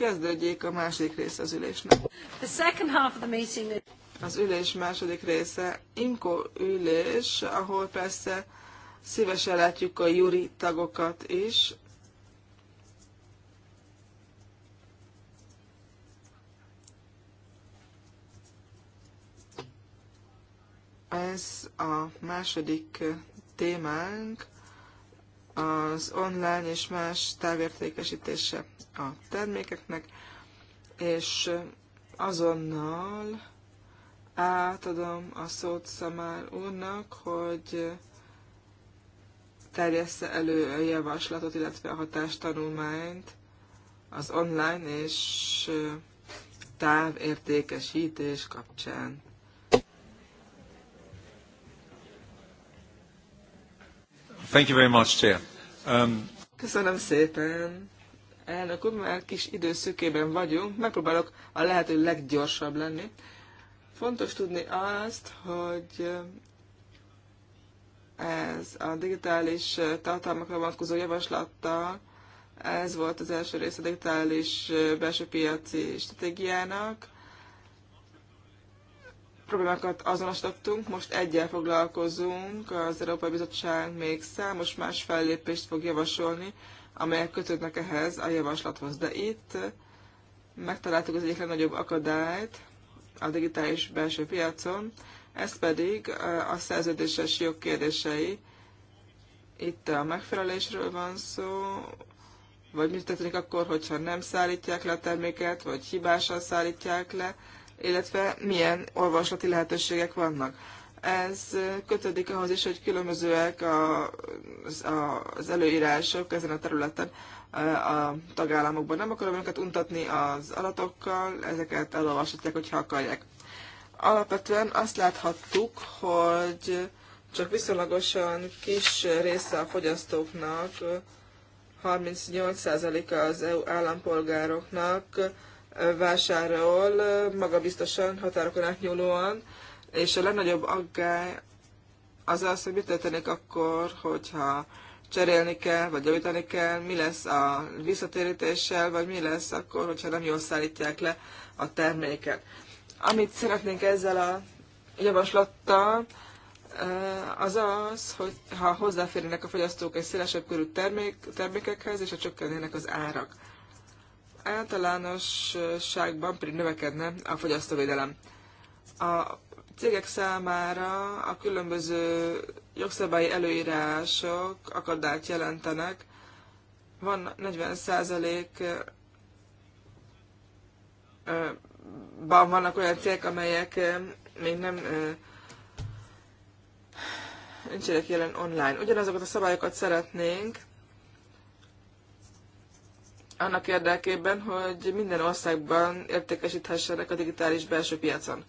Kezdődjék a második része az ülésnek. The second half of the meeting... Az ülés második része, Imko ülés, ahol persze szívesen látjuk a juri tagokat is. Ez a második témánk az online és más távértékesítése a termékeknek, és azonnal átadom a szót Szamár úrnak, hogy terjessze elő a javaslatot, illetve a hatástanulmányt az online és távértékesítés kapcsán. Thank you very much, Chair. Um... Köszönöm szépen. Elnök úr, már kis időszükében vagyunk, megpróbálok a lehető leggyorsabb lenni. Fontos tudni azt, hogy ez a digitális tartalmakra vonatkozó javaslattal, ez volt az első rész a digitális belső piaci stratégiának, problémákat azonosítottunk, most egyel foglalkozunk, az Európai Bizottság még számos más fellépést fog javasolni, amelyek kötődnek ehhez a javaslathoz. De itt megtaláltuk az egyik legnagyobb akadályt a digitális belső piacon, ez pedig eh, a szerződéses jog kérdései. Itt a megfelelésről van szó, vagy mit történik akkor, hogyha nem szállítják le a terméket, vagy hibásan szállítják le, illetve milyen olvaslati lehetőségek vannak. Ez kötődik ahhoz is, hogy különbözőek a, az, előírások ezen a területen a tagállamokban. Nem akarom őket untatni az adatokkal, ezeket elolvashatják, hogyha akarják. Alapvetően azt láthattuk, hogy csak viszonylagosan kis része a fogyasztóknak, 38%-a az EU állampolgároknak vásárol magabiztosan, határokon átnyúlóan, és a legnagyobb aggály az az, hogy mit történik akkor, hogyha cserélni kell, vagy javítani kell, mi lesz a visszatérítéssel, vagy mi lesz akkor, hogyha nem jól szállítják le a terméket. Amit szeretnénk ezzel a javaslattal, az az, hogy ha hozzáférnek a fogyasztók egy szélesebb körű termék, termékekhez, és a csökkennének az árak általánosságban pedig növekedne a fogyasztóvédelem. A cégek számára a különböző jogszabályi előírások akadályt jelentenek. Van 40 ban vannak olyan cégek, amelyek még nem nincsenek jelen online. Ugyanazokat a szabályokat szeretnénk, annak érdekében, hogy minden országban értékesíthessenek a digitális belső piacon.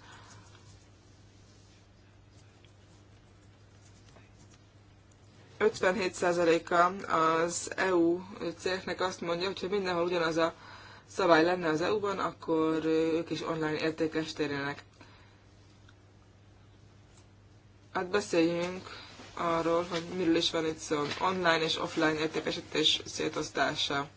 a az EU cégeknek azt mondja, hogy ha mindenhol ugyanaz a szabály lenne az EU-ban, akkor ők is online térjenek. Hát beszéljünk arról, hogy miről is van itt szó. Online és offline értékesítés szétosztása.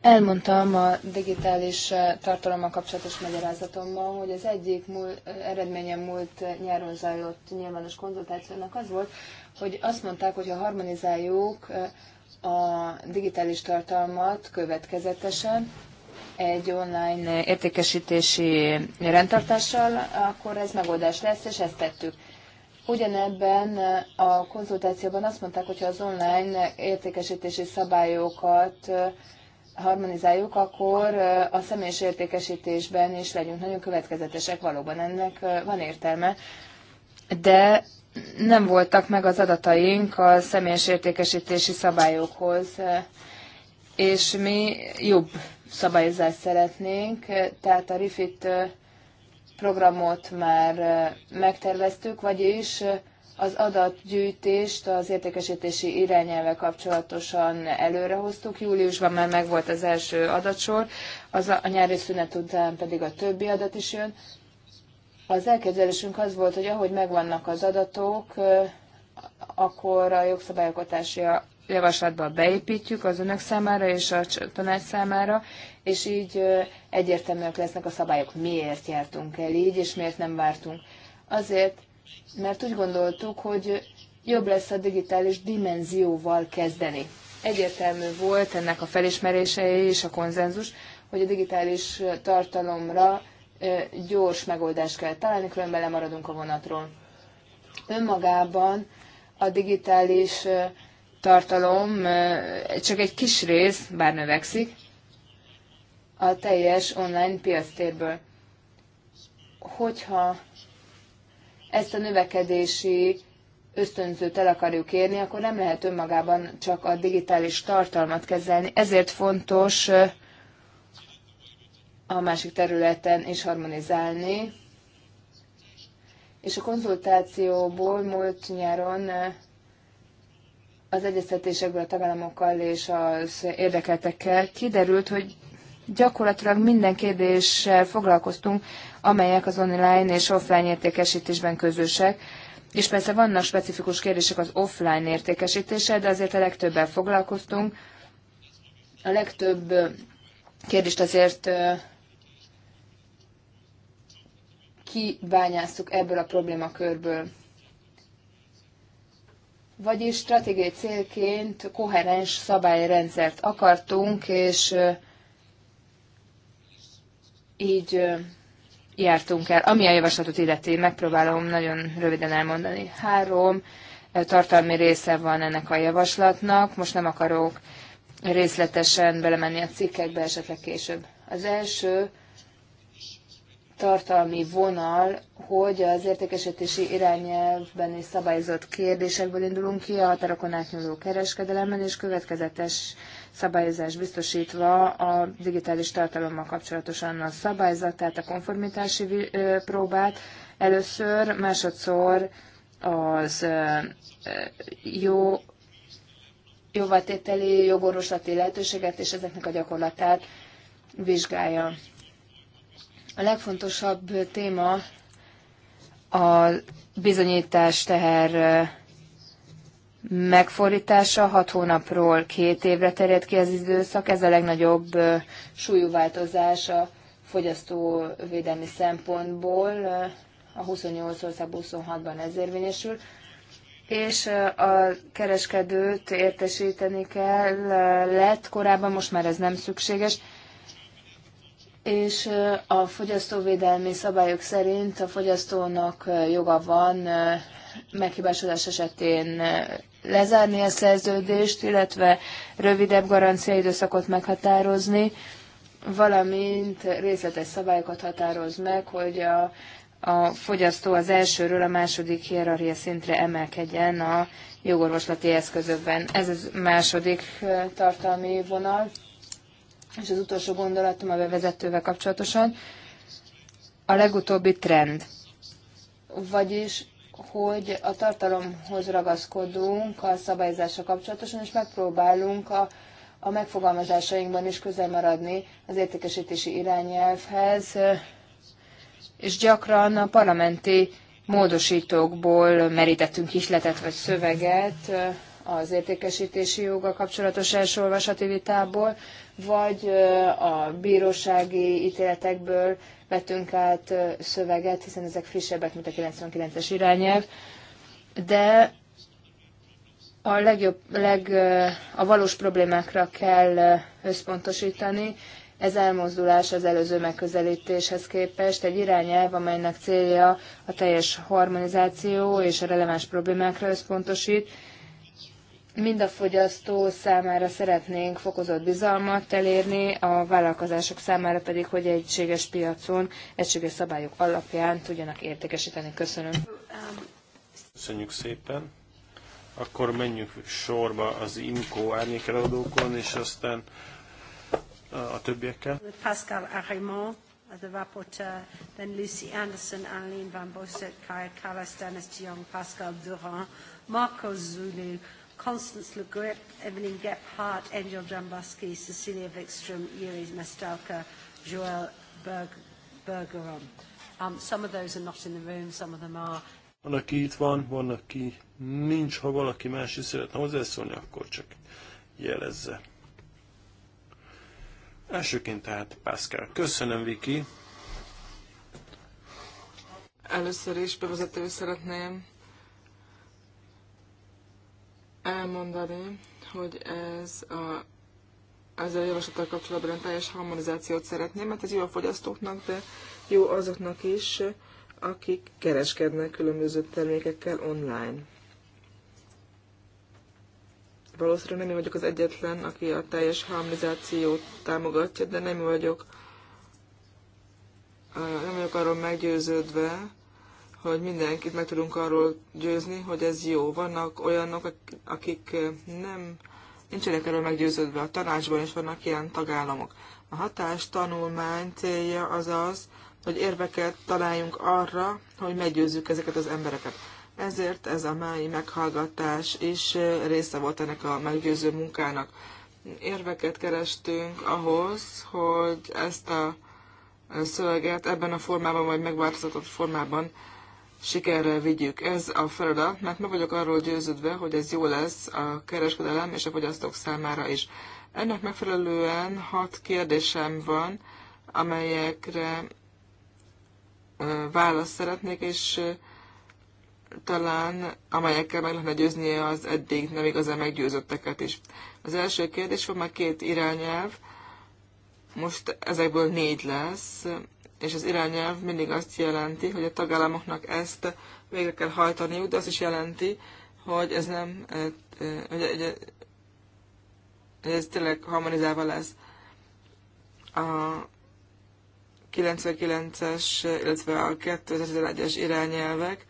Elmondtam a digitális eh, tartalommal kapcsolatos magyarázatomban, hogy az egyik múl, eh, eredménye múlt nyáron zajlott nyilvános konzultációnak az volt, hogy azt mondták, hogy ha harmonizáljuk eh, a digitális tartalmat következetesen egy online értékesítési rendtartással, akkor ez megoldás lesz, és ezt tettük. Ugyanebben a konzultációban azt mondták, hogy ha az online értékesítési szabályokat harmonizáljuk, akkor a személyes értékesítésben is legyünk nagyon következetesek, valóban ennek van értelme, de nem voltak meg az adataink a személyes értékesítési szabályokhoz, és mi jobb szabályozást szeretnénk, tehát a RIFIT programot már megterveztük, vagyis az adatgyűjtést az értékesítési irányelvvel kapcsolatosan előrehoztuk. Júliusban már megvolt az első adatsor, az a nyári szünet után pedig a többi adat is jön. Az elképzelésünk az volt, hogy ahogy megvannak az adatok, eh, akkor a jogszabályokatási javaslatba beépítjük az önök számára és a tanács számára, és így eh, egyértelműek lesznek a szabályok, miért jártunk el így, és miért nem vártunk. Azért, mert úgy gondoltuk, hogy jobb lesz a digitális dimenzióval kezdeni. Egyértelmű volt ennek a felismerése és a konzenzus, hogy a digitális tartalomra gyors megoldást kell találni, különben lemaradunk a vonatról. Önmagában a digitális tartalom csak egy kis rész, bár növekszik, a teljes online piactérből. Hogyha ezt a növekedési ösztönzőt el akarjuk érni, akkor nem lehet önmagában csak a digitális tartalmat kezelni. Ezért fontos a másik területen is harmonizálni. És a konzultációból múlt nyáron az egyeztetésekből a tagállamokkal és az érdekeltekkel kiderült, hogy gyakorlatilag minden kérdéssel foglalkoztunk, amelyek az online és offline értékesítésben közösek. És persze vannak specifikus kérdések az offline értékesítéssel, de azért a legtöbbel foglalkoztunk. A legtöbb kérdést azért kibányáztuk ebből a problémakörből. Vagyis stratégiai célként koherens szabályrendszert akartunk, és így jártunk el. Ami a javaslatot illeti, megpróbálom nagyon röviden elmondani. Három tartalmi része van ennek a javaslatnak. Most nem akarok részletesen belemenni a cikkekbe, esetleg később. Az első tartalmi vonal, hogy az értékesítési irányelvben és szabályozott kérdésekből indulunk ki a határokon átnyúló kereskedelemben, és következetes szabályozás biztosítva a digitális tartalommal kapcsolatosan a tehát a konformitási próbát először, másodszor az jó jóvatételi jogorvoslati lehetőséget és ezeknek a gyakorlatát vizsgálja. A legfontosabb téma a bizonyítás teher megfordítása hat hónapról két évre terjed ki az időszak. Ez a legnagyobb súlyú változás a fogyasztóvédelmi szempontból. A 28 ország 26-ban ez érvényesül. És a kereskedőt értesíteni kell, lett korábban, most már ez nem szükséges, és a fogyasztóvédelmi szabályok szerint a fogyasztónak joga van meghibásodás esetén eh, lezárni a szerződést, illetve rövidebb garanciaidőszakot meghatározni, valamint részletes szabályokat határoz meg, hogy a, a fogyasztó az elsőről a második hierarchia szintre emelkedjen a jogorvoslati eszközökben. Ez a második eh, tartalmi vonal. És az utolsó gondolatom a bevezetővel kapcsolatosan, a legutóbbi trend. Vagyis hogy a tartalomhoz ragaszkodunk a szabályzásra kapcsolatosan, és megpróbálunk a, a megfogalmazásainkban is közel maradni az értékesítési irányelvhez, és gyakran a parlamenti módosítókból merítettünk isletet vagy szöveget, az értékesítési joga kapcsolatos első olvasati vitából, vagy a bírósági ítéletekből vetünk át szöveget, hiszen ezek frissebbek, mint a 99-es irányelv. De a legjobb, leg, a valós problémákra kell összpontosítani. Ez elmozdulás az előző megközelítéshez képest egy irányelv, amelynek célja a teljes harmonizáció és a releváns problémákra összpontosít, mind a fogyasztó számára szeretnénk fokozott bizalmat elérni, a vállalkozások számára pedig, hogy egységes piacon, egységes szabályok alapján tudjanak értékesíteni. Köszönöm. Köszönjük szépen. Akkor menjünk sorba az IMCO árnyékeladókon, és aztán a többiekkel. Pascal Arimont, the rapporteur, then Lucy Anderson, Aline Van Bosset, Kyle Callas, Dennis Young, Jong, Pascal Durand, Marco Zulu, Constance Le Grip, Evelyn Gephardt, Angel Jambuski, Cecilia Vikstrom, Yuri Mestalka, Joel Berg Bergeron. Um, some of those are not in the room, some of them are. Van, aki itt van, van, aki nincs. Ha valaki más is szeretne hozzászólni, akkor csak jelezze. Elsőként tehát Pászkál. Köszönöm, Viki. Először is bevezető szeretném elmondani, hogy ez a, ezzel a javaslattal kapcsolatban teljes harmonizációt szeretném, mert ez jó a fogyasztóknak, de jó azoknak is, akik kereskednek különböző termékekkel online. Valószínűleg nem én vagyok az egyetlen, aki a teljes harmonizációt támogatja, de nem vagyok, nem vagyok arról meggyőződve, hogy mindenkit meg tudunk arról győzni, hogy ez jó. Vannak olyanok, akik eh, nem, nincsenek erről meggyőződve, a tanácsban is vannak ilyen tagállamok. A hatás tanulmány célja az az, hogy érveket találjunk arra, hogy meggyőzzük ezeket az embereket. Ezért ez a mai meghallgatás is eh, része volt ennek a meggyőző munkának. Érveket kerestünk ahhoz, hogy ezt a eh, szöveget ebben a formában, vagy megváltozott formában sikerre vigyük. Ez a feladat, mert meg vagyok arról győződve, hogy ez jó lesz a kereskedelem és a fogyasztók számára is. Ennek megfelelően hat kérdésem van, amelyekre választ szeretnék, és talán amelyekkel meg lehetne győzni az eddig nem igazán meggyőzötteket is. Az első kérdés van már két irányelv, most ezekből négy lesz, és az irányelv mindig azt jelenti, hogy a tagállamoknak ezt végre kell hajtaniuk, de azt is jelenti, hogy ez nem, eh, eh, hogy, hogy ez tényleg harmonizálva lesz. A 99-es, illetve a 2001-es irányelvek,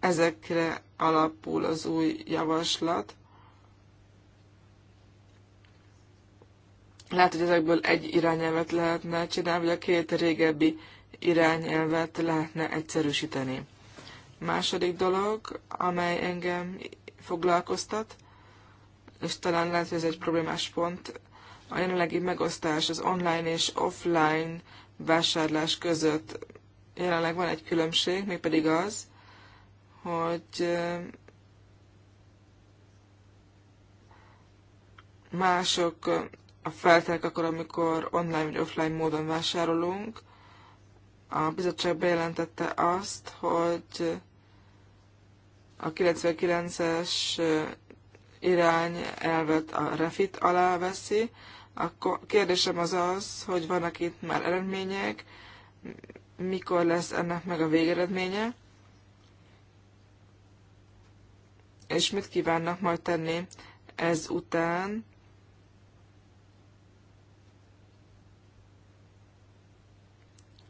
ezekre alapul az új javaslat, Lehet, hogy ezekből egy irányelvet lehetne csinálni, vagy a két régebbi irányelvet lehetne egyszerűsíteni. Második dolog, amely engem foglalkoztat, és talán lehet, hogy ez egy problémás pont, a jelenlegi megosztás az online és offline vásárlás között jelenleg van egy különbség, mégpedig az, hogy mások a feltek, akkor, amikor online vagy offline módon vásárolunk. A bizottság bejelentette azt, hogy a 99-es irány elvet a refit alá veszi. A kérdésem az az, hogy vannak itt már eredmények, mikor lesz ennek meg a végeredménye, és mit kívánnak majd tenni ez után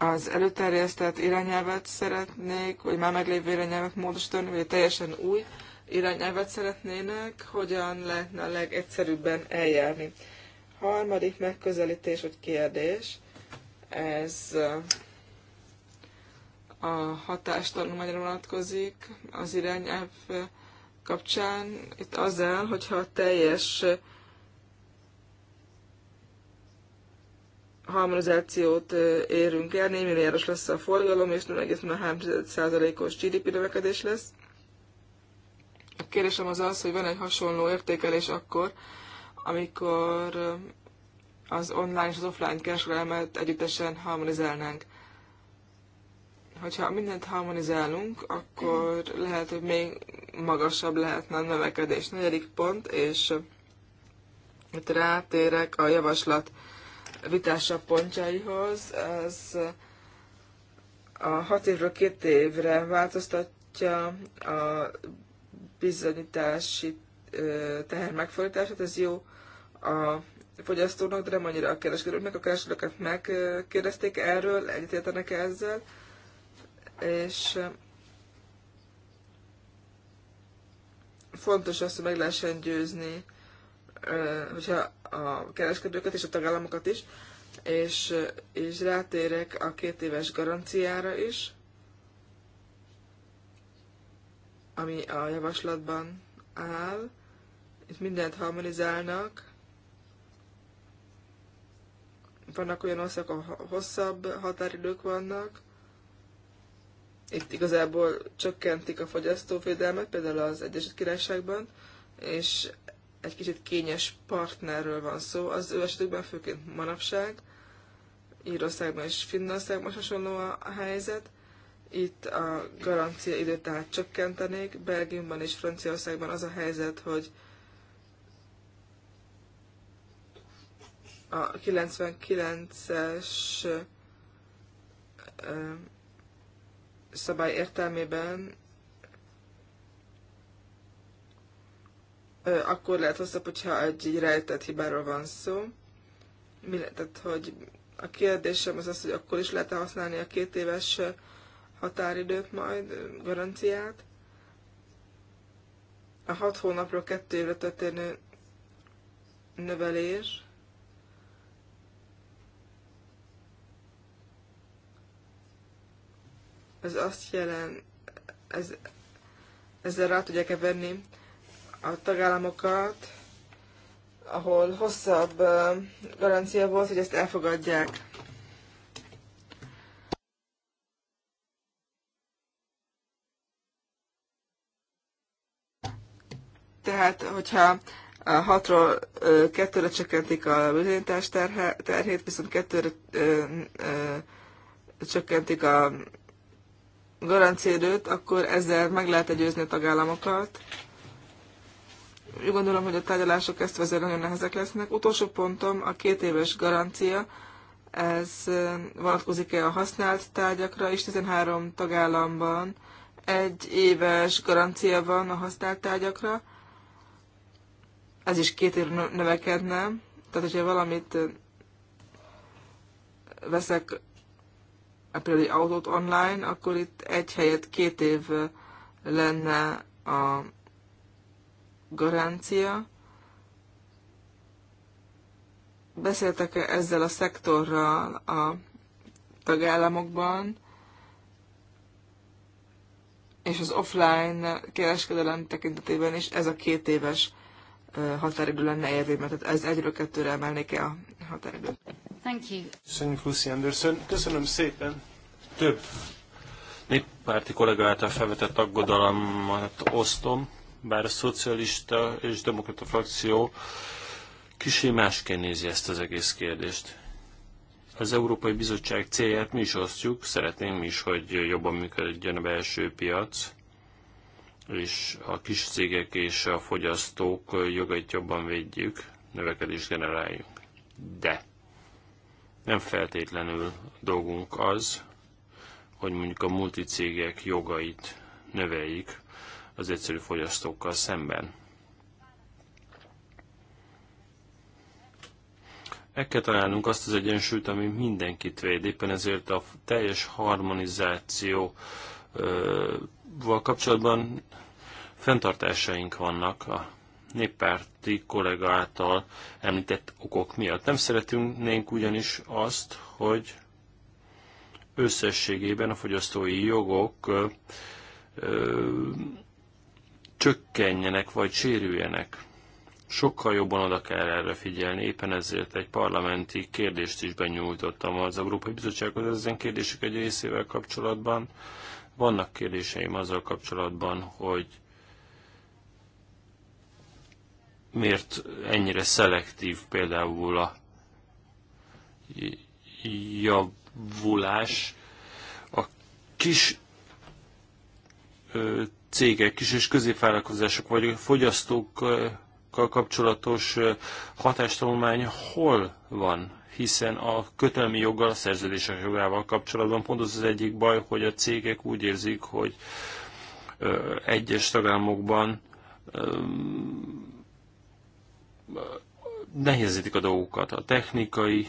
az előterjesztett irányelvet szeretnék, vagy már meglévő irányelvet módosítani, vagy teljesen új irányelvet szeretnének, hogyan lehetne a legegyszerűbben eljárni. Harmadik megközelítés, vagy kérdés, ez uh, a hatástanulmányra vonatkozik az irányelv kapcsán. Itt az el, hogyha a teljes harmonizációt érünk el, 4 milliárdos lesz a forgalom, és 0,3%-os GDP növekedés lesz. A kérdésem az az, hogy van egy hasonló értékelés akkor, amikor az online és az offline kereskedelmet együttesen harmonizálnánk. Hogyha mindent harmonizálunk, akkor lehet, hogy még magasabb lehetne a növekedés. Negyedik pont, és itt rátérek a javaslat vitása pontjaihoz. Ez a hat évről két évre változtatja a bizonyítási teher megfordítását, ez jó a fogyasztónak, de nem annyira a kereskedőknek. A kereskedőket megkérdezték erről, egyetértenek -e ezzel, és fontos azt, hogy meg lehessen győzni, hogyha a kereskedőket és a tagállamokat is, és, és rátérek a két éves garanciára is, ami a javaslatban áll. Itt mindent harmonizálnak. Vannak olyan országok, ahol hosszabb határidők vannak. Itt igazából csökkentik a fogyasztóvédelmet, például az Egyesült Királyságban, és egy kicsit kényes partnerről van szó. Az ő esetükben főként manapság, Írországban és Finnországban is hasonló a helyzet. Itt a garancia időt tehát csökkentenék. Belgiumban és Franciaországban az a helyzet, hogy a 99-es szabály értelmében akkor lehet hosszabb, hogyha egy, így rejtett hibáról van szó. Mi, tehát, hogy a kérdésem az az, hogy akkor is lehet -e használni a két éves határidőt majd, garanciát. A hat hónapról kettő évre történő növelés. Ez azt jelent, ez, ezzel rá tudják-e venni a tagállamokat, ahol hosszabb garancia volt, hogy ezt elfogadják. Tehát, hogyha a 6-ról 2-re csökkentik a bizonyítás terhét, viszont 2-re csökkentik a garanciadőt, akkor ezzel meg lehet győzni a tagállamokat. Gondolom, hogy a tárgyalások ezt vezérel nagyon nehezek lesznek. Utolsó pontom a két éves garancia. Ez vonatkozik-e a használt tárgyakra is? 13 tagállamban egy éves garancia van a használt tárgyakra. Ez is két év növekedne. Tehát, hogyha valamit veszek például egy autót online, akkor itt egy helyet két év lenne a garancia. Beszéltek -e ezzel a szektorral a tagállamokban, és az offline kereskedelem tekintetében is ez a két éves határidő lenne érvényben, tehát ez egyről kettőre emelnék el a határidőt. Thank you. Köszönjük, Lucy Anderson. Köszönöm szépen. Több néppárti kollega által felvetett aggodalmat osztom bár a szocialista és demokrata frakció kicsi másként nézi ezt az egész kérdést. Az Európai Bizottság célját mi is osztjuk, szeretnénk is, hogy jobban működjön a belső piac, és a kis cégek és a fogyasztók jogait jobban védjük, növekedést generáljunk. De nem feltétlenül dolgunk az, hogy mondjuk a multicégek jogait növeljük, az egyszerű fogyasztókkal szemben. Meg kell találnunk azt az egyensúlyt, ami mindenkit véd. Éppen ezért a teljes harmonizációval kapcsolatban fenntartásaink vannak a néppárti kollega által említett okok miatt. Nem szeretünk ugyanis azt, hogy összességében a fogyasztói jogok csökkenjenek vagy sérüljenek. Sokkal jobban oda kell erre figyelni, éppen ezért egy parlamenti kérdést is benyújtottam az Európai Bizottsághoz ezen kérdések egy részével kapcsolatban. Vannak kérdéseim azzal kapcsolatban, hogy miért ennyire szelektív például a javulás a kis cégek, kis és középvállalkozások vagy fogyasztókkal kapcsolatos hatástanulmány hol van? hiszen a kötelmi joggal, a szerződések jogával kapcsolatban pont az az egyik baj, hogy a cégek úgy érzik, hogy egyes tagállamokban nehézítik a dolgokat. A technikai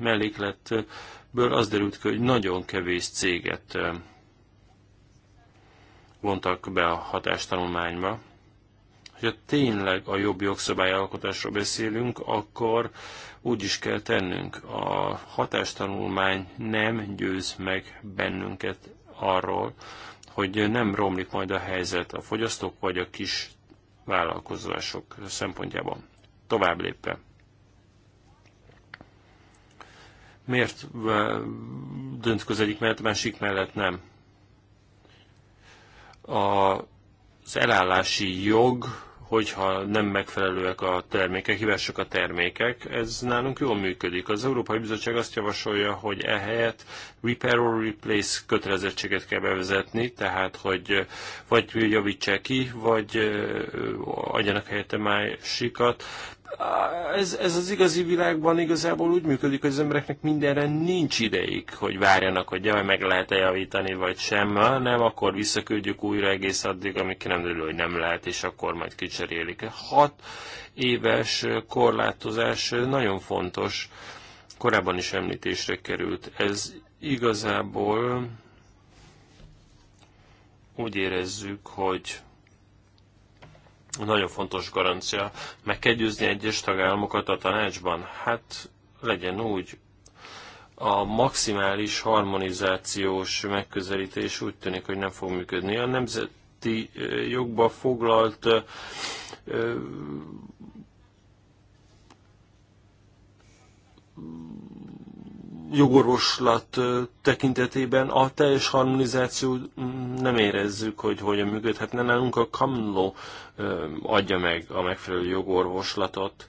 mellékletből az derült ki, hogy nagyon kevés céget vontak be a hatástanulmányba. Ha tényleg a jobb jogszabályalkotásról beszélünk, akkor úgy is kell tennünk. A hatástanulmány nem győz meg bennünket arról, hogy nem romlik majd a helyzet a fogyasztók vagy a kis vállalkozások szempontjában. Tovább lépve. Miért eh, dönt egyik mellett, másik mellett nem? az elállási jog, hogyha nem megfelelőek a termékek, hibások a termékek, ez nálunk jól működik. Az Európai Bizottság azt javasolja, hogy ehelyett repair or replace kötelezettséget kell bevezetni, tehát hogy vagy javítsák ki, vagy adjanak helyette másikat ez, ez az igazi világban igazából úgy működik, hogy az embereknek mindenre nincs ideig, hogy várjanak, hogy jaj, meg lehet-e javítani, vagy sem, ha nem, akkor visszaküldjük újra egész addig, amíg nem derül, hogy nem lehet, és akkor majd kicserélik. Hat éves korlátozás nagyon fontos, korábban is említésre került. Ez igazából úgy érezzük, hogy nagyon fontos garancia. Meg kell győzni egyes tagállamokat a tanácsban? Hát legyen úgy. A maximális harmonizációs megközelítés úgy tűnik, hogy nem fog működni. A nemzeti jogba foglalt jogorvoslat tekintetében a teljes harmonizáció mm, nem érezzük, hogy hogyan működhetne. Nálunk a Kamló adja meg a megfelelő jogorvoslatot.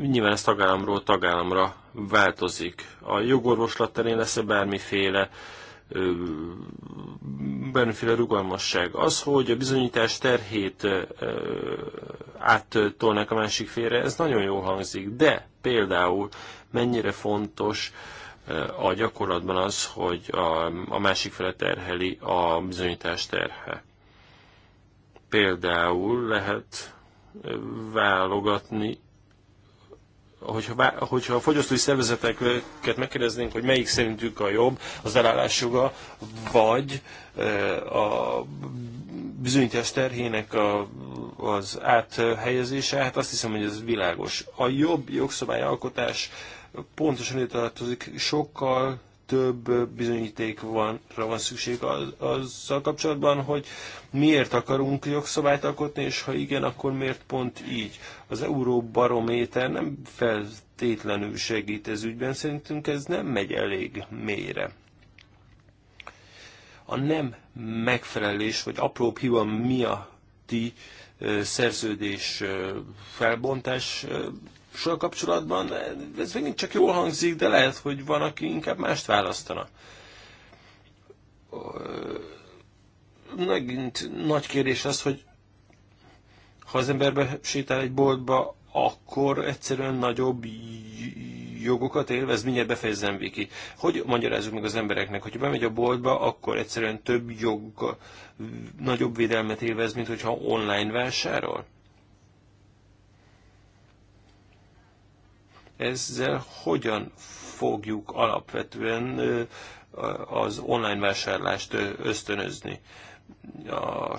Nyilván ez tagállamról tagállamra változik. A jogorvoslat terén lesz-e bármiféle bármiféle rugalmasság. Az, hogy a bizonyítás terhét áttolnák a másik félre, ez nagyon jó hangzik, de például mennyire fontos a gyakorlatban az, hogy a, a másik fele terheli a bizonyítás terhe. Például lehet válogatni hogyha, hogyha a fogyasztói szervezeteket megkérdeznénk, hogy melyik szerintük a jobb, az elállás joga, vagy e, a bizonyítás terhének a, az áthelyezése, hát azt hiszem, hogy ez világos. A jobb jogszabályalkotás pontosan ide tartozik sokkal több bizonyítékra van szükség azzal kapcsolatban, hogy miért akarunk jogszabályt alkotni, és ha igen, akkor miért pont így. Az euróbarométer nem feltétlenül segít ez ügyben, szerintünk ez nem megy elég mélyre. A nem megfelelés, vagy apró hiba miatti szerződés felbontás sor kapcsolatban, ez megint csak jól hangzik, de lehet, hogy van, aki inkább mást választana. Megint nagy kérdés az, hogy ha az emberbe sétál egy boltba, akkor egyszerűen nagyobb jogokat élvez, mindjárt befejezem, Viki. Hogy magyarázzuk meg az embereknek, hogyha bemegy a boltba, akkor egyszerűen több jog, nagyobb védelmet élvez, mint hogyha online vásárol? ezzel hogyan fogjuk alapvetően az online vásárlást ösztönözni. A,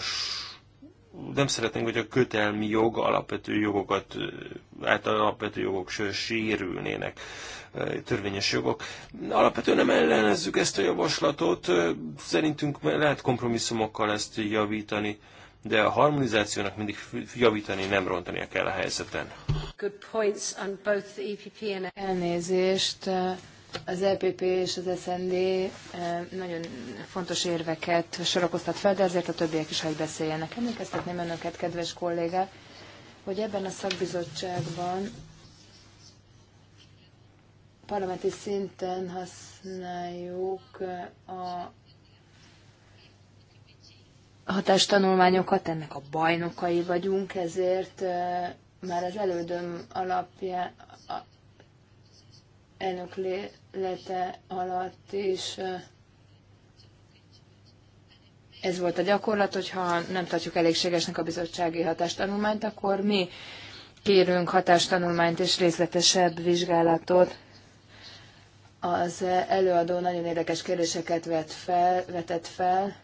nem szeretnénk, hogy a kötelmi jog alapvető jogokat, által alapvető jogok sérülnének, törvényes jogok. Alapvetően nem ellenezzük ezt a javaslatot, szerintünk lehet kompromisszumokkal ezt javítani de a harmonizációnak mindig javítani, nem rontania kell a helyzeten. Good points on both the EPP and... Elnézést, az EPP és az SND eh, nagyon fontos érveket sorakoztat fel, de ezért a többiek is hagy beszéljenek. Emlékeztetném önöket, kedves kollégák, hogy ebben a szakbizottságban parlamenti szinten használjuk eh, a hatástanulmányokat, ennek a bajnokai vagyunk, ezért már az elődöm a elnöklete alatt is ez volt a gyakorlat, hogyha nem tartjuk elégségesnek a bizottsági hatástanulmányt, akkor mi kérünk hatástanulmányt és részletesebb vizsgálatot. Az előadó nagyon érdekes kérdéseket vet fel, vetett fel,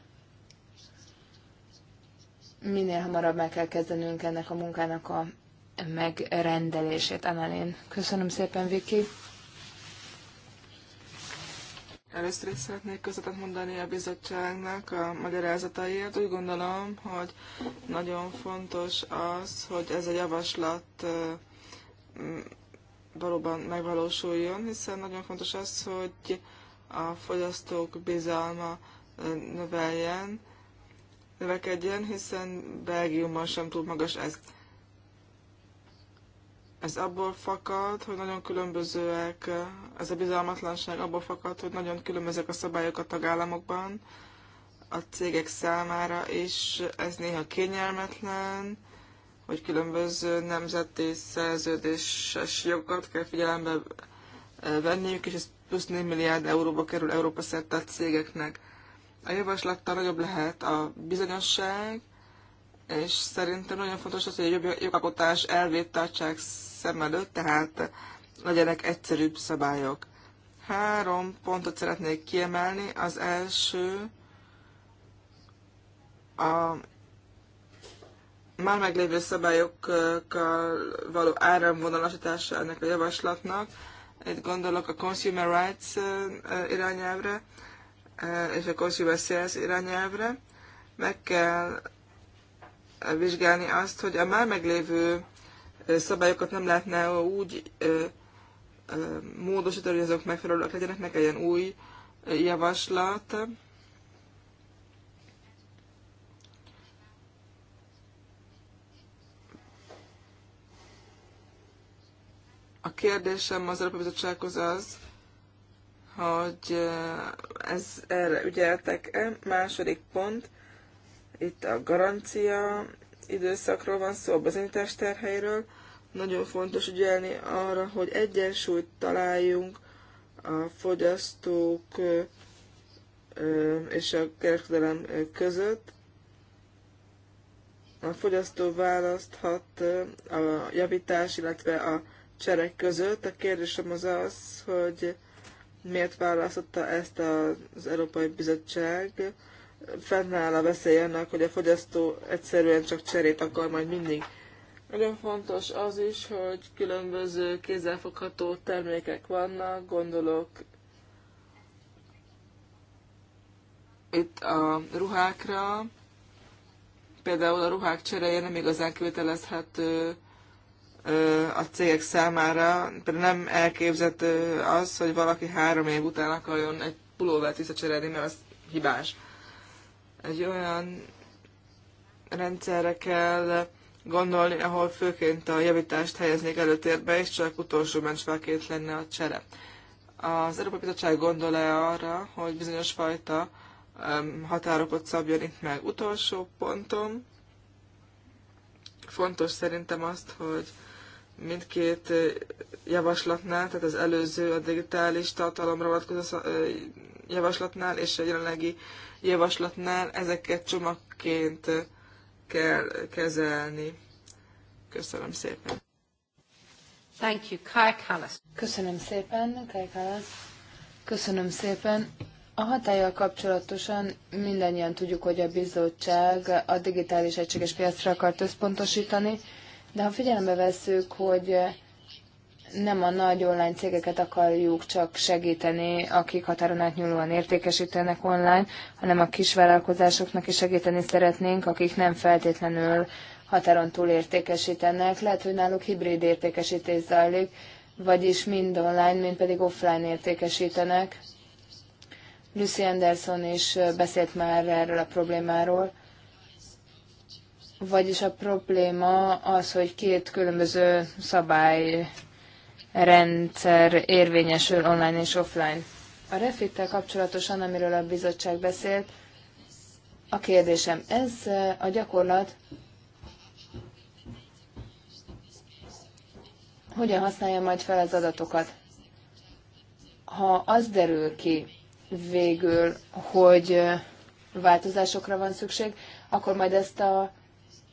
minél hamarabb meg kell kezdenünk ennek a munkának a megrendelését. Annalén, köszönöm szépen, Viki. Először is szeretnék közvetet mondani a bizottságnak a magyarázataiért. Úgy gondolom, hogy nagyon fontos az, hogy ez a javaslat valóban megvalósuljon, hiszen nagyon fontos az, hogy a fogyasztók bizalma növeljen, növekedjen, hiszen Belgiumban sem túl magas ez. Ez abból fakad, hogy nagyon különbözőek, ez a bizalmatlanság abból fakad, hogy nagyon különbözőek a szabályok a tagállamokban, a cégek számára, és ez néha kényelmetlen, hogy különböző nemzeti szerződéses jogokat kell figyelembe venniük, és ez plusz 4 milliárd euróba kerül Európa szerte a cégeknek. A javaslattal nagyobb lehet a bizonyosság, és szerintem nagyon fontos az, hogy a jogalkotás elvét tartsák szem előtt, tehát legyenek egyszerűbb szabályok. Három pontot szeretnék kiemelni. Az első a már meglévő szabályokkal való áramvonalasítása ennek a javaslatnak. Itt gondolok a Consumer Rights irányelvre, és akkor beszélsz irányelvre, meg kell vizsgálni azt, hogy a már meglévő szabályokat nem lehetne úgy módosítani, hogy azok megfelelőek legyenek, meg ilyen új javaslat. A kérdésem az Európai Bizottsághoz az, hogy eh, ez erre ügyeltek-e. Második pont, itt a garancia időszakról van szó, a bizonyítás terheiről. Nagyon fontos ügyelni arra, hogy egyensúlyt találjunk a fogyasztók eh, eh, és a kereskedelem között. A fogyasztó választhat a javítás, illetve a cserek között. A kérdésem az az, hogy miért választotta ezt az Európai Bizottság. Fennáll a veszély annak, hogy a fogyasztó egyszerűen csak cserét akar majd mindig. Nagyon fontos az is, hogy különböző kézzelfogható termékek vannak, gondolok itt a ruhákra, például a ruhák cseréje nem igazán kivitelezhető a cégek számára, például nem elképzett az, hogy valaki három év után akarjon egy pulóvert visszacserélni, mert az hibás. Egy olyan rendszerre kell gondolni, ahol főként a javítást helyeznék előtérbe, és csak utolsó mencsfelként lenne a csere. Az Európai Bizottság gondol -e arra, hogy bizonyos fajta határokat szabjon itt meg. Utolsó pontom, fontos szerintem azt, hogy mindkét javaslatnál, tehát az előző a digitális tartalomra vonatkozó javaslatnál és a jelenlegi javaslatnál ezeket csomagként kell kezelni. Köszönöm szépen. Thank you, Kai Kallas. Köszönöm szépen, Kai Kallas. Köszönöm szépen. A hatályjal kapcsolatosan mindannyian tudjuk, hogy a bizottság a digitális egységes piacra akart összpontosítani, de ha figyelembe veszük, hogy nem a nagy online cégeket akarjuk csak segíteni, akik határon átnyúlóan értékesítenek online, hanem a kisvállalkozásoknak is segíteni szeretnénk, akik nem feltétlenül határon túl értékesítenek. Lehet, hogy náluk hibrid értékesítés zajlik, vagyis mind online, mind pedig offline értékesítenek. Lucy Anderson is beszélt már erről a problémáról. Vagyis a probléma az, hogy két különböző szabályrendszer érvényesül online és offline. A refittel kapcsolatosan, amiről a bizottság beszélt, a kérdésem, ez eh, a gyakorlat hogyan használja majd fel az adatokat? Ha az derül ki végül, hogy eh, változásokra van szükség, akkor majd ezt a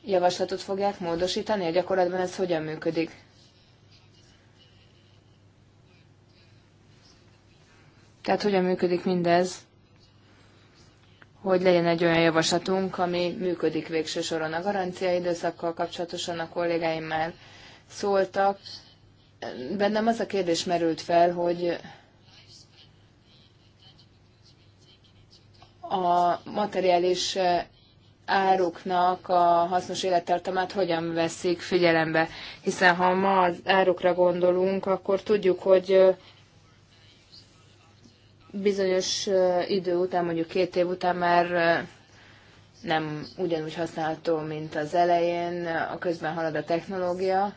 javaslatot fogják módosítani? A gyakorlatban ez hogyan működik? Tehát hogyan működik mindez, hogy legyen egy olyan javaslatunk, ami működik végső soron a garancia időszakkal kapcsolatosan a kollégáimmal szóltak. Bennem az a kérdés merült fel, hogy a materiális áruknak a hasznos élettartamát hogyan veszik figyelembe. Hiszen ha ma az árukra gondolunk, akkor tudjuk, hogy bizonyos idő után, mondjuk két év után már nem ugyanúgy használható, mint az elején, a közben halad a technológia.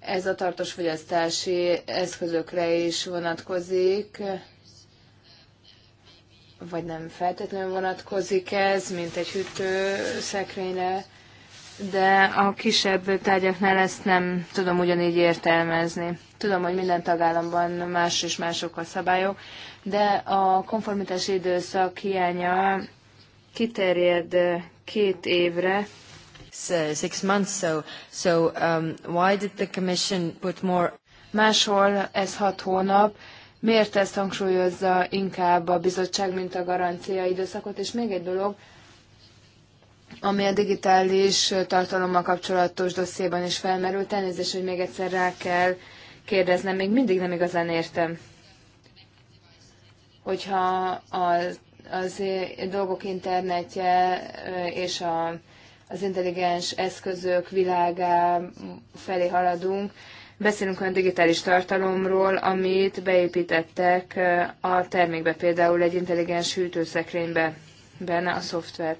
Ez a tartós fogyasztási eszközökre is vonatkozik vagy nem feltétlenül vonatkozik ez, mint egy hűtőszekrényre, de a kisebb tárgyaknál ezt nem tudom ugyanígy értelmezni. Tudom, hogy minden tagállamban más és mások a szabályok, de a konformitási időszak hiánya kiterjed két évre. Uh, six months, so, so um, why did the commission put more... Máshol ez hat hónap, Miért ezt hangsúlyozza inkább a bizottság, mint a garancia időszakot? És még egy dolog, ami a digitális tartalommal kapcsolatos dossziéban is felmerült, elnézést, hogy még egyszer rá kell kérdeznem, még mindig nem igazán értem. Hogyha az, az dolgok internetje és a, az intelligens eszközök világá felé haladunk, Beszélünk olyan digitális tartalomról, amit beépítettek a termékbe, például egy intelligens hűtőszekrénybe benne a szoftver.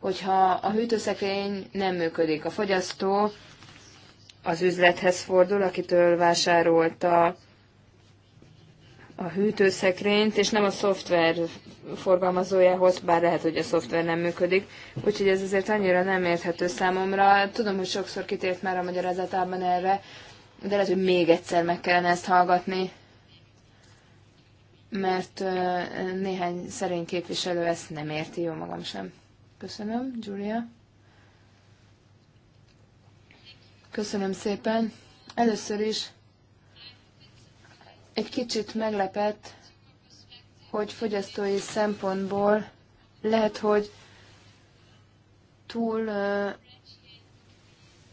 Hogyha a hűtőszekrény nem működik, a fogyasztó az üzlethez fordul, akitől vásárolta a hűtőszekrényt, és nem a szoftver forgalmazójához, bár lehet, hogy a szoftver nem működik. Úgyhogy ez azért annyira nem érthető számomra. Tudom, hogy sokszor kitért már a magyarázatában erre, de lehet, hogy még egyszer meg kellene ezt hallgatni, mert néhány szerény képviselő ezt nem érti, jó magam sem. Köszönöm, Julia. Köszönöm szépen. Először is egy kicsit meglepett, hogy fogyasztói szempontból lehet, hogy túl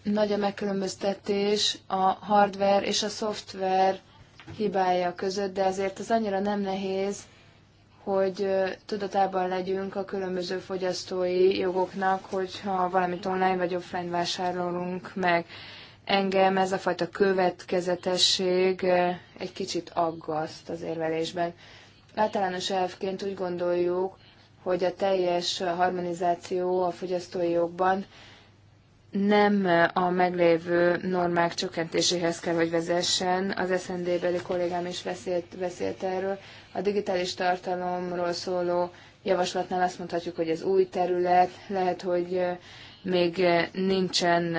nagy a megkülönböztetés a hardware és a szoftver hibája között, de azért az annyira nem nehéz, hogy tudatában legyünk a különböző fogyasztói jogoknak, hogyha valamit online vagy offline vásárolunk meg. Engem ez a fajta következetesség egy kicsit aggaszt az érvelésben. Általános elvként úgy gondoljuk, hogy a teljes harmonizáció a fogyasztói jogban nem a meglévő normák csökkentéséhez kell, hogy vezessen. Az SND-beli kollégám is beszélt, beszélt erről. A digitális tartalomról szóló javaslatnál azt mondhatjuk, hogy ez új terület, lehet, hogy még nincsen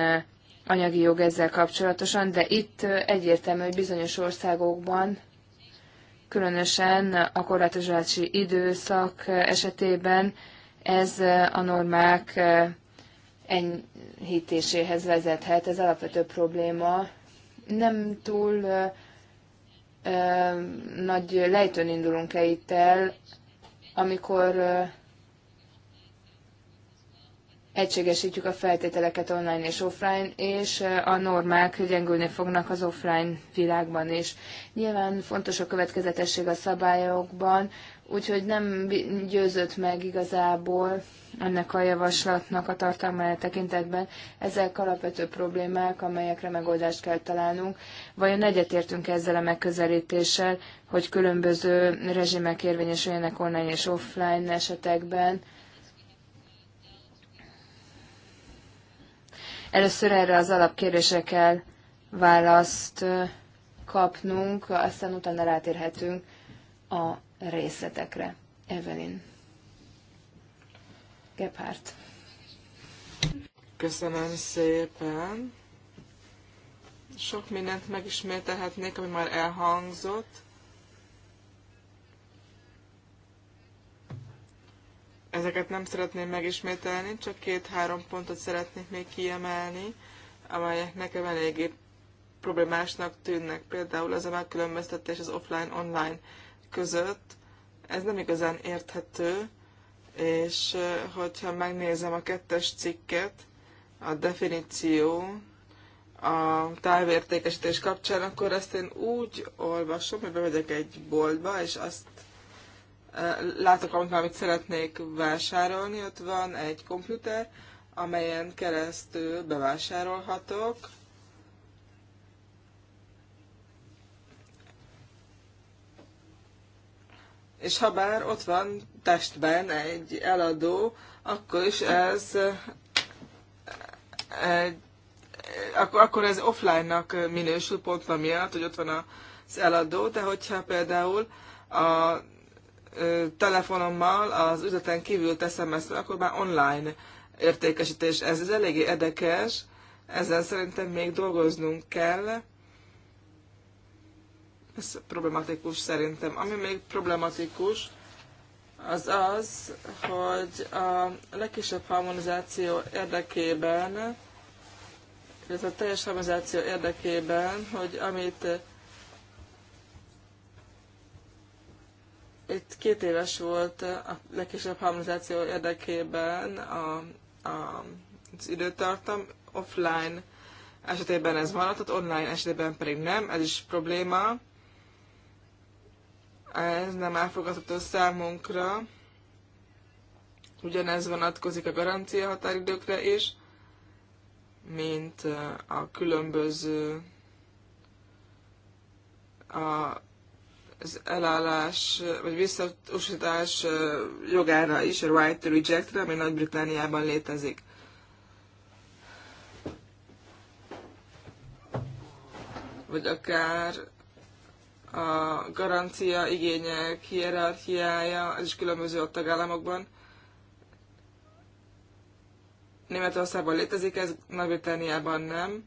anyagi jog ezzel kapcsolatosan, de itt egyértelmű, hogy bizonyos országokban, különösen a korlátozási időszak esetében ez a normák enyhítéséhez vezethet. Ez alapvető probléma. Nem túl ö, ö, nagy lejtőn indulunk-e itt el, amikor ö, egységesítjük a feltételeket online és offline, és a normák gyengülni fognak az offline világban is. Nyilván fontos a következetesség a szabályokban, úgyhogy nem győzött meg igazából ennek a javaslatnak a tartalma e tekintetben. Ezek alapvető problémák, amelyekre megoldást kell találnunk. Vajon egyetértünk ezzel a megközelítéssel, hogy különböző rezsimek érvényesüljenek online és offline esetekben? Először erre az alapkérdésre kell választ kapnunk, aztán utána rátérhetünk a részletekre. Evelyn Gebhardt. Köszönöm szépen. Sok mindent megismételhetnék, ami már elhangzott. Ezeket nem szeretném megismételni, csak két-három pontot szeretnék még kiemelni, amelyek nekem eléggé problémásnak tűnnek. Például az a megkülönböztetés az offline-online között, ez nem igazán érthető, és hogyha megnézem a kettes cikket, a definíció a távértékesítés kapcsán, akkor ezt én úgy olvasom, hogy bemegyek egy boltba, és azt látok, amit, amit szeretnék vásárolni, ott van egy komputer, amelyen keresztül bevásárolhatok, és ha bár ott van testben egy eladó, akkor is ez egy, akkor, akkor ez offline-nak minősül pont miatt, hogy ott van az eladó, de hogyha például a telefonommal az üzleten kívül teszem ezt, akkor már online értékesítés. Ez, ez eléggé érdekes, ezzel szerintem még dolgoznunk kell. Ez problematikus szerintem. Ami még problematikus, az az, hogy a legkisebb harmonizáció érdekében, ez a teljes harmonizáció érdekében, hogy amit itt két éves volt a legkisebb harmonizáció érdekében a, a, az időtartam, offline esetében ez maradt, online esetében pedig nem, ez is probléma. Ez nem elfogadható számunkra. Ugyanez vonatkozik a garancia határidőkre is, mint a különböző a, az elállás, vagy visszautasítás jogára is, a right to rejectre, ami Nagy-Britániában létezik. Vagy akár a garancia igények hierarchiája, ez is különböző a tagállamokban. Németországban létezik ez, Nagy-Britániában nem.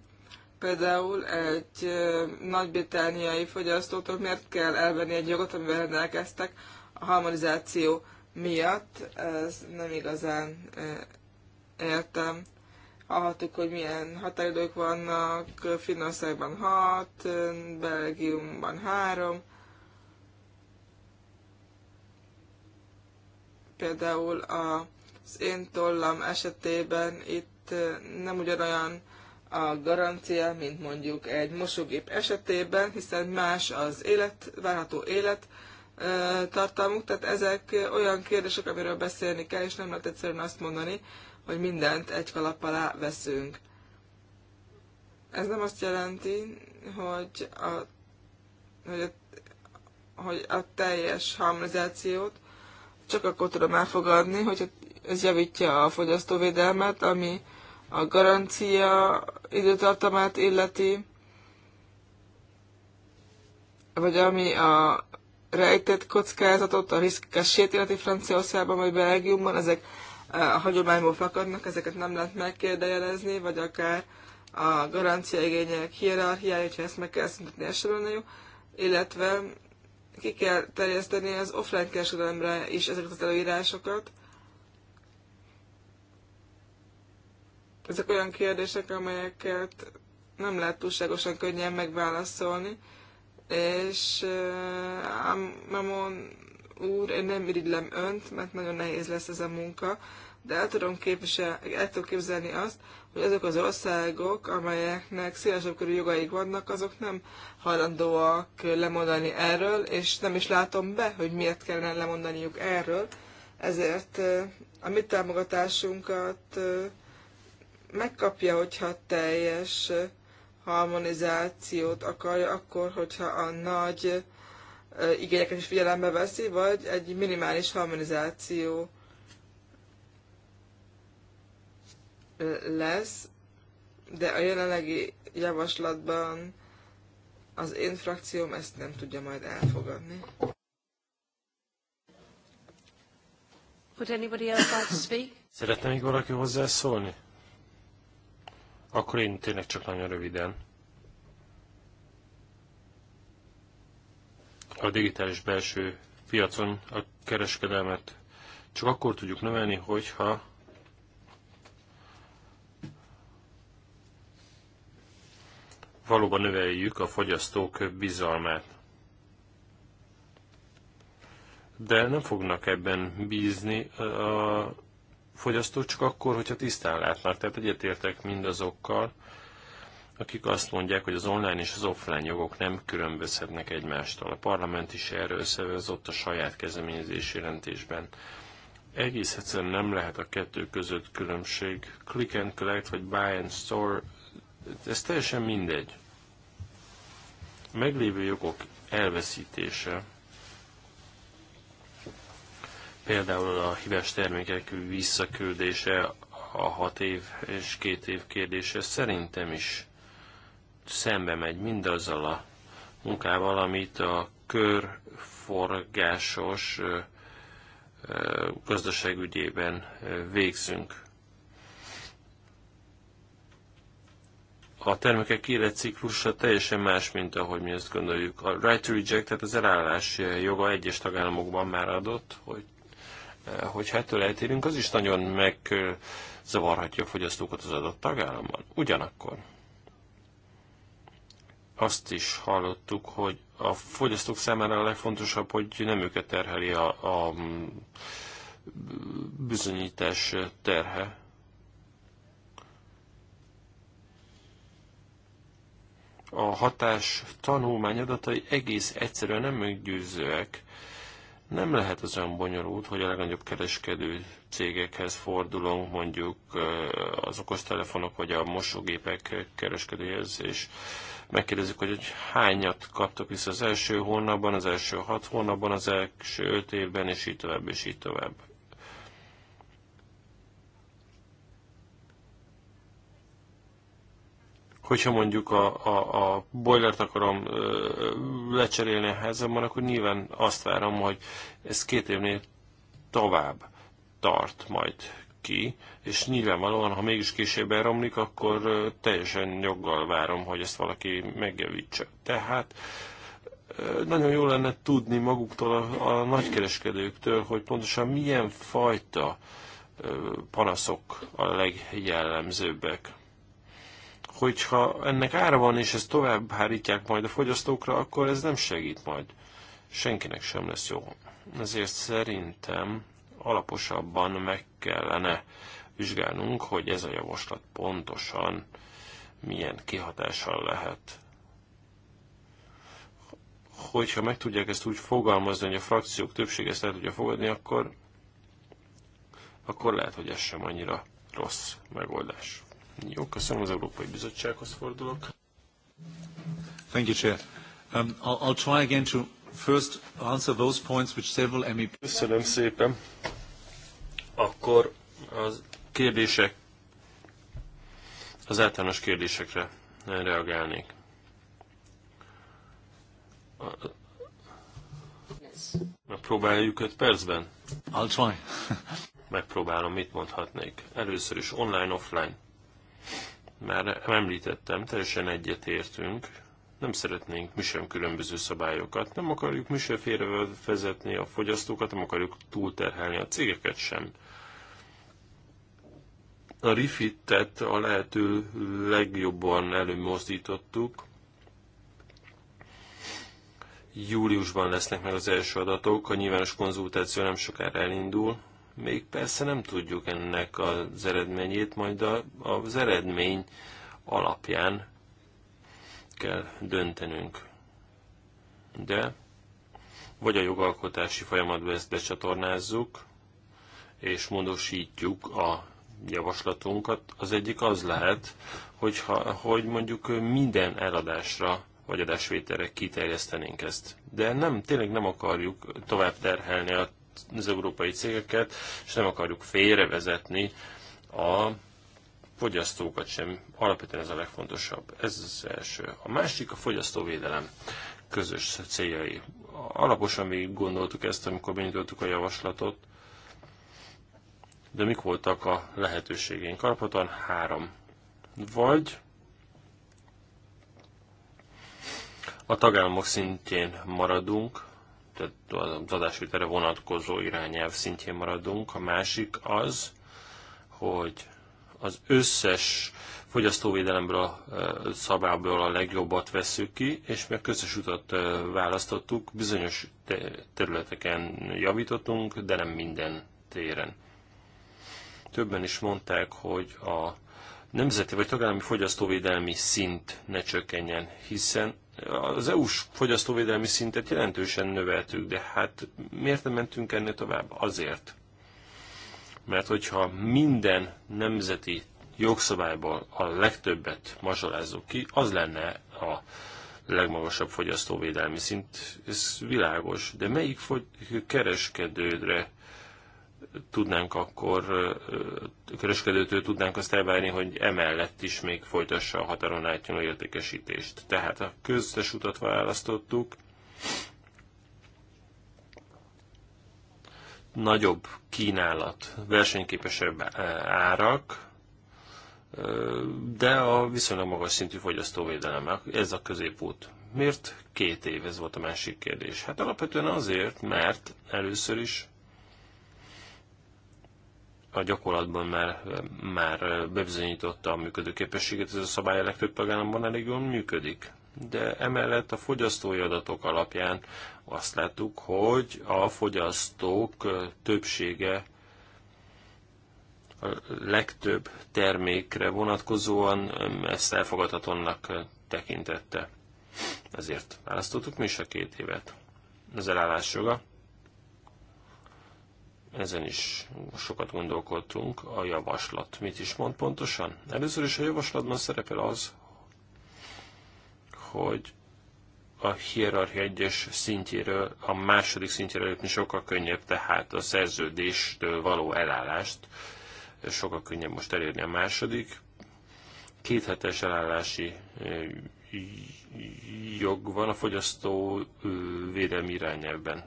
Például egy nagy-britániai fogyasztótól miért kell elvenni egy jogot, amivel rendelkeztek a harmonizáció miatt? Ez nem igazán értem hallhattuk, hogy milyen határidők vannak, Finnországban 6, Belgiumban 3, például az én tollam esetében itt nem ugyanolyan a garancia, mint mondjuk egy mosógép esetében, hiszen más az élet, várható élet tartalmuk, tehát ezek olyan kérdések, amiről beszélni kell, és nem lehet egyszerűen azt mondani, hogy mindent egy kalap alá veszünk. Ez nem azt jelenti, hogy a, hogy a, hogy a teljes harmonizációt csak akkor tudom elfogadni, hogy ez javítja a fogyasztóvédelmet, ami a garancia időtartamát illeti, vagy ami a rejtett kockázatot, a riszkessét illeti Franciaországban vagy Belgiumban, ezek a hagyományból fakadnak, ezeket nem lehet megkérdejelezni, vagy akár a garanciaigények hierarchiája, hogyha ezt meg kell szüntetni, ez sem lenne jó, illetve ki kell terjeszteni az offline kereskedelemre is ezeket az előírásokat. Ezek olyan kérdések, amelyeket nem lehet túlságosan könnyen megválaszolni, és eh, Mamon úr, én nem irigylem önt, mert nagyon nehéz lesz ez a munka, de el tudom, el tudom képzelni azt, hogy azok az országok, amelyeknek szélesebb körű jogaik vannak, azok nem hajlandóak lemondani erről, és nem is látom be, hogy miért kellene lemondaniuk erről. Ezért eh, a mi támogatásunkat eh, megkapja, hogyha teljes eh, harmonizációt akarja, akkor, hogyha a nagy igényeket is figyelembe veszi, vagy egy minimális harmonizáció lesz, de a jelenlegi javaslatban az én frakcióm ezt nem tudja majd elfogadni. Would anybody else like to speak? Szeretne még valaki hozzászólni? Akkor én tényleg csak nagyon röviden. a digitális belső piacon a kereskedelmet csak akkor tudjuk növelni, hogyha valóban növeljük a fogyasztók bizalmát. De nem fognak ebben bízni a fogyasztók csak akkor, hogyha tisztán látnak. Tehát egyetértek mindazokkal, akik azt mondják, hogy az online és az offline jogok nem különbözhetnek egymástól. A parlament is erről szervezott a saját kezdeményezés jelentésben. Egész egyszerűen nem lehet a kettő között különbség. Click and collect vagy buy and store, ez teljesen mindegy. A meglévő jogok elveszítése, például a hibás termékek visszaküldése, a hat év és két év kérdése szerintem is szembe megy mindazzal a munkával, amit a körforgásos gazdaságügyében végzünk. A termékek életciklusa teljesen más, mint ahogy mi ezt gondoljuk. A right to reject, tehát az elállás joga egyes tagállamokban már adott, hogy hogyha ettől eltérünk, az is nagyon megzavarhatja a fogyasztókat az adott tagállamban. Ugyanakkor azt is hallottuk, hogy a fogyasztók számára a legfontosabb, hogy nem őket terheli a, a bizonyítás terhe. A hatás tanulmány adatai egész egyszerűen nem meggyőzőek. Nem lehet az olyan bonyolult, hogy a legnagyobb kereskedő cégekhez fordulunk, mondjuk az okostelefonok vagy a mosógépek kereskedőjelzés. és megkérdezzük, hogy, hogy hányat kaptak vissza az első hónapban, az első hat hónapban, az első öt évben, és így tovább, és így tovább. hogyha mondjuk a, a, a boilert akarom ö, lecserélni a házamban, akkor nyilván azt várom, hogy ez két évnél tovább tart majd ki, és nyilvánvalóan, ha mégis később elromlik, akkor teljesen joggal várom, hogy ezt valaki megjavítsa. Tehát nagyon jó lenne tudni maguktól, a, a nagykereskedőktől, hogy pontosan milyen fajta panaszok a legjellemzőbbek. Hogyha ennek ára van, és ezt tovább hárítják majd a fogyasztókra, akkor ez nem segít majd. Senkinek sem lesz jó. Ezért szerintem alaposabban meg kellene vizsgálnunk, hogy ez a javaslat pontosan milyen kihatással lehet. Hogyha meg tudják ezt úgy fogalmazni, hogy a frakciók többsége ezt el tudja fogadni, akkor, akkor lehet, hogy ez sem annyira rossz megoldás. Jó, köszönöm, az Európai Bizottsághoz fordulok. Thank you, Chair. Um, I'll, I'll try again to first answer those points which several MEP... Köszönöm szépen. Akkor az kérdések, az általános kérdésekre reagálnék. Megpróbáljuk öt percben? I'll try. Megpróbálom, mit mondhatnék. Először is online-offline. Már említettem, teljesen egyetértünk nem szeretnénk mi sem különböző szabályokat, nem akarjuk mi sem félrevezetni a fogyasztókat, nem akarjuk túlterhelni a cégeket sem. A rifittet a lehető legjobban előmozdítottuk. Júliusban lesznek meg az első adatok, a nyilvános konzultáció nem sokára elindul, még persze nem tudjuk ennek az eredményét, majd a, az eredmény alapján kell döntenünk. De vagy a jogalkotási folyamatba ezt becsatornázzuk, és módosítjuk a javaslatunkat. Az egyik az lehet, hogyha, hogy mondjuk minden eladásra vagy adásvételre kiterjesztenénk ezt. De nem, tényleg nem akarjuk tovább terhelni az európai cégeket, és nem akarjuk félrevezetni a fogyasztókat sem. Alapvetően ez a legfontosabb. Ez az első. A másik a fogyasztóvédelem közös céljai. Alaposan végig gondoltuk ezt, amikor benyújtottuk a javaslatot, de mik voltak a lehetőségeink? Alapvetően három. Vagy a tagállamok szintjén maradunk, tehát az adásvételre vonatkozó irányelv szintjén maradunk. A másik az, hogy az összes fogyasztóvédelemből e, szabából a legjobbat veszük ki, és meg közös utat e, választottuk, bizonyos területeken javítottunk, de nem minden téren. Többen is mondták, hogy a nemzeti vagy tagállami fogyasztóvédelmi szint ne csökkenjen, hiszen az EU-s fogyasztóvédelmi szintet jelentősen növeltük, de hát miért nem mentünk ennél tovább? Azért, mert hogyha minden nemzeti jogszabályból a legtöbbet mazsolázzuk ki, az lenne a legmagasabb fogyasztóvédelmi szint. Ez világos, de melyik kereskedődre tudnánk akkor, kereskedőtől tudnánk azt elvárni, hogy emellett is még folytassa a határon átnyúló értékesítést. Tehát a köztes utat választottuk, nagyobb kínálat, versenyképesebb eh, árak, eh, de a viszonylag magas szintű fogyasztóvédelem, ez a középút. Miért két év? Ez volt a másik kérdés. Hát alapvetően azért, mert először is a gyakorlatban már, már bebizonyította a működőképességet, ez a szabály a legtöbb tagállamban elég jól működik de emellett a fogyasztói adatok alapján azt láttuk, hogy a fogyasztók többsége a legtöbb termékre vonatkozóan ezt elfogadhatónak tekintette. Ezért választottuk mi is a két évet. Az elállás joga. Ezen is sokat gondolkodtunk. A javaslat mit is mond pontosan? Először is a javaslatban szerepel az, hogy a hierarchia egyes szintjéről a második szintjére lépni sokkal könnyebb, tehát a szerződéstől való elállást sokkal könnyebb most elérni a második. Kéthetes elállási eh, jog van a fogyasztó eh, védelmi irányelvben.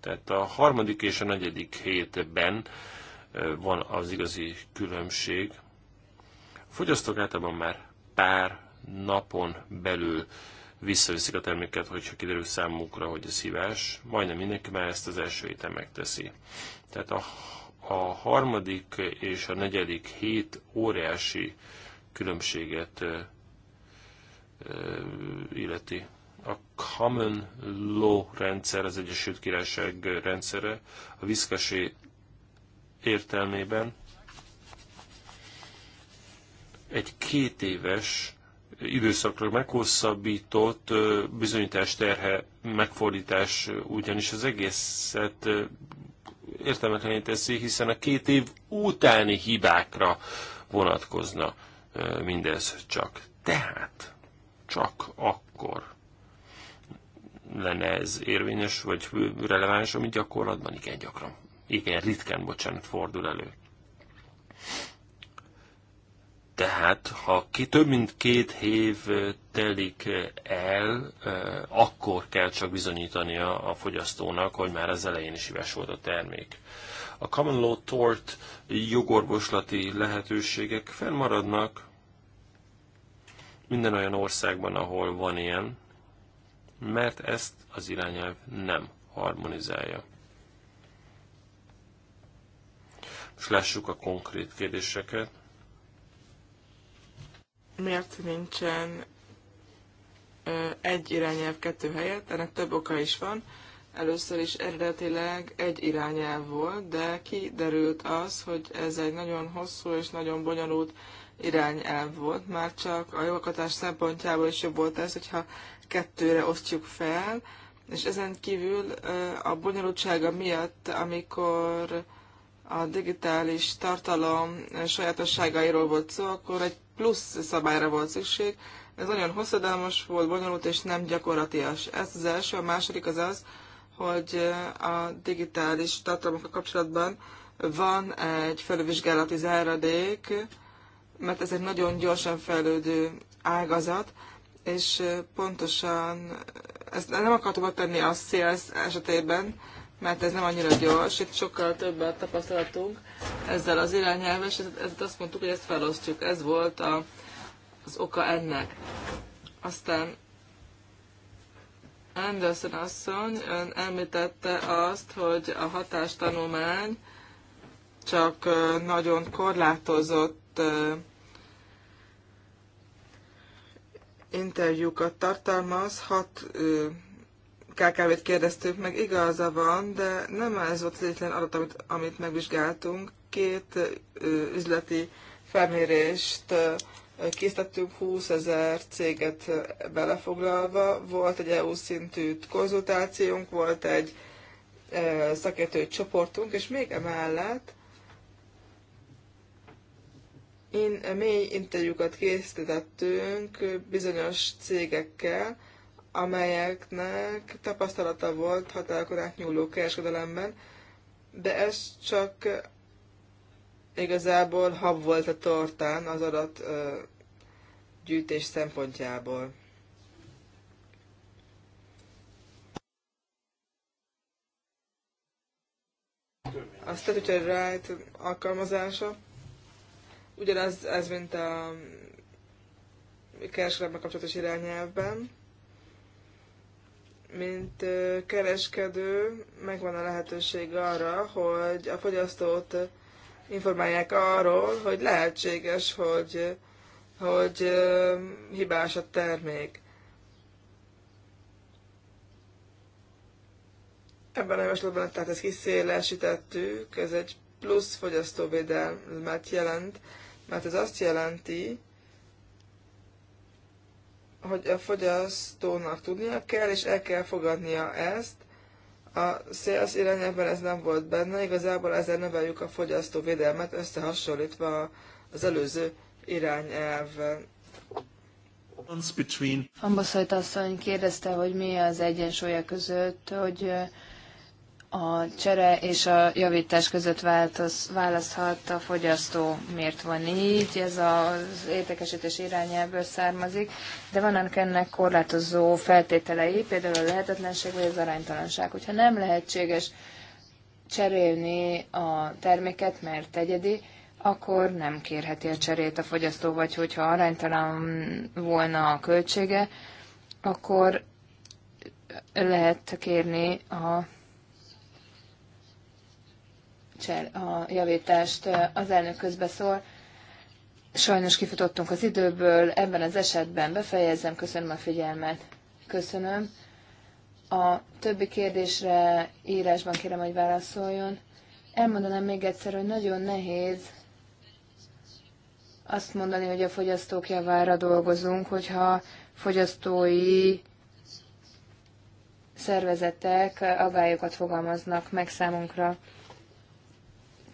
Tehát a harmadik és a negyedik hétben eh, van az igazi különbség. A fogyasztók általában már pár napon belül visszaviszik a terméket, hogyha kiderül számukra, hogy ez hívás. Majdnem mindenki már ezt az első héten megteszi. Tehát a, a harmadik és a negyedik hét óriási különbséget ö, ö, illeti. A Common Law rendszer, az Egyesült Királyság rendszere, a viszkasi értelmében egy két éves időszakra meghosszabbított bizonyítás terhe megfordítás ugyanis az egészet értelmetlené teszi, hiszen a két év utáni hibákra vonatkozna mindez csak. Tehát csak akkor lenne ez érvényes, vagy releváns, amit gyakorlatban igen gyakran, igen ritkán, bocsánat, fordul elő. Tehát, ha ki több mint két év telik el, akkor kell csak bizonyítania a fogyasztónak, hogy már az elején is hibás volt a termék. A common law tort jogorvoslati lehetőségek fennmaradnak minden olyan országban, ahol van ilyen, mert ezt az irányelv nem harmonizálja. Most lássuk a konkrét kérdéseket miért nincsen egy irányelv kettő helyett, ennek több oka is van. Először is eredetileg egy irányelv volt, de kiderült az, hogy ez egy nagyon hosszú és nagyon bonyolult irányelv volt. Már csak a jogalkotás szempontjából is jobb volt ez, hogyha kettőre osztjuk fel, és ezen kívül a bonyolultsága miatt, amikor a digitális tartalom sajátosságairól volt szó, akkor egy plusz szabályra volt szükség. Ez nagyon hosszadalmas volt, bonyolult és nem gyakorlatias. Ez az első, a második az az, hogy a digitális tartalmakkal kapcsolatban van egy felülvizsgálati záradék, mert ez egy nagyon gyorsan fejlődő ágazat, és pontosan ezt nem akartuk tenni a sales esetében, mert ez nem annyira gyors, itt sokkal többet tapasztalatunk ezzel az irányelvvel, és ezt azt mondtuk, hogy ezt felosztjuk. Ez volt a, az oka ennek. Aztán Anderson asszony ön említette azt, hogy a hatástanulmány csak nagyon korlátozott interjúkat tartalmaz, hat KKV-t kérdeztük meg, igaza van, de nem ez volt az egyetlen adat, amit, amit megvizsgáltunk. Két ö, üzleti felmérést ö, készítettünk 20 ezer céget belefoglalva, volt egy EU szintű konzultációnk, volt egy ö, szakértő csoportunk, és még emellett in, mély interjúkat készítettünk bizonyos cégekkel, amelyeknek tapasztalata volt határokon nyúló kereskedelemben, de ez csak igazából hab volt a tortán az adat gyűjtés szempontjából. A Statutory Right alkalmazása ugyanez, ez mint a kereskedelemmel kapcsolatos irányelvben, mint kereskedő megvan a lehetőség arra, hogy a fogyasztót informálják arról, hogy lehetséges, hogy, hogy hibás a termék. Ebben a javaslatban tehát ezt kiszélesítettük, ez egy plusz fogyasztóvédelmet jelent, mert ez azt jelenti, hogy a fogyasztónak tudnia kell, és el kell fogadnia ezt. A sales irányában ez nem volt benne, igazából ezzel növeljük a fogyasztó védelmet összehasonlítva az előző irányelv. Between... Ambaszajt asszony kérdezte, hogy mi az egyensúlya között, hogy a csere és a javítás között változ, választhat a fogyasztó, miért van így, ez az értékesítés irányelvből származik, de vannak ennek korlátozó feltételei, például a lehetetlenség vagy az aránytalanság. Hogyha nem lehetséges cserélni a terméket, mert egyedi, akkor nem kérheti a cserét a fogyasztó, vagy hogyha aránytalan volna a költsége, akkor lehet kérni a a javítást. Az elnök közbeszól. Sajnos kifutottunk az időből, ebben az esetben befejezem, köszönöm a figyelmet. Köszönöm. A többi kérdésre írásban kérem, hogy válaszoljon. Elmondanám még egyszer, hogy nagyon nehéz azt mondani, hogy a fogyasztók javára dolgozunk, hogyha fogyasztói szervezetek aggályokat fogalmaznak meg számunkra.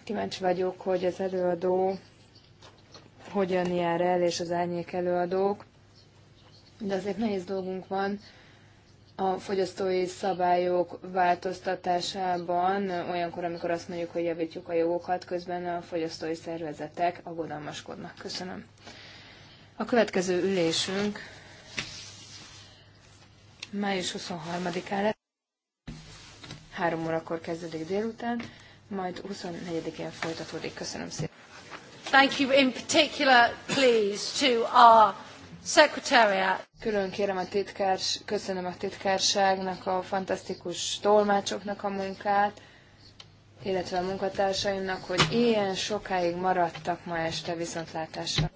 Kíváncsi vagyok, hogy az előadó hogyan jár el, és az árnyék előadók, de azért nehéz dolgunk van a fogyasztói szabályok változtatásában, olyankor, amikor azt mondjuk, hogy javítjuk a jogokat, közben a fogyasztói szervezetek aggodalmaskodnak. Köszönöm. A következő ülésünk május 23-án lesz. Három órakor kezdődik délután majd 24-én folytatódik. Köszönöm szépen. Thank you in particular, please, to our secretariat. Külön kérem a titkárs, köszönöm a titkárságnak, a fantasztikus tolmácsoknak a munkát, illetve a munkatársaimnak, hogy ilyen sokáig maradtak ma este viszontlátásra.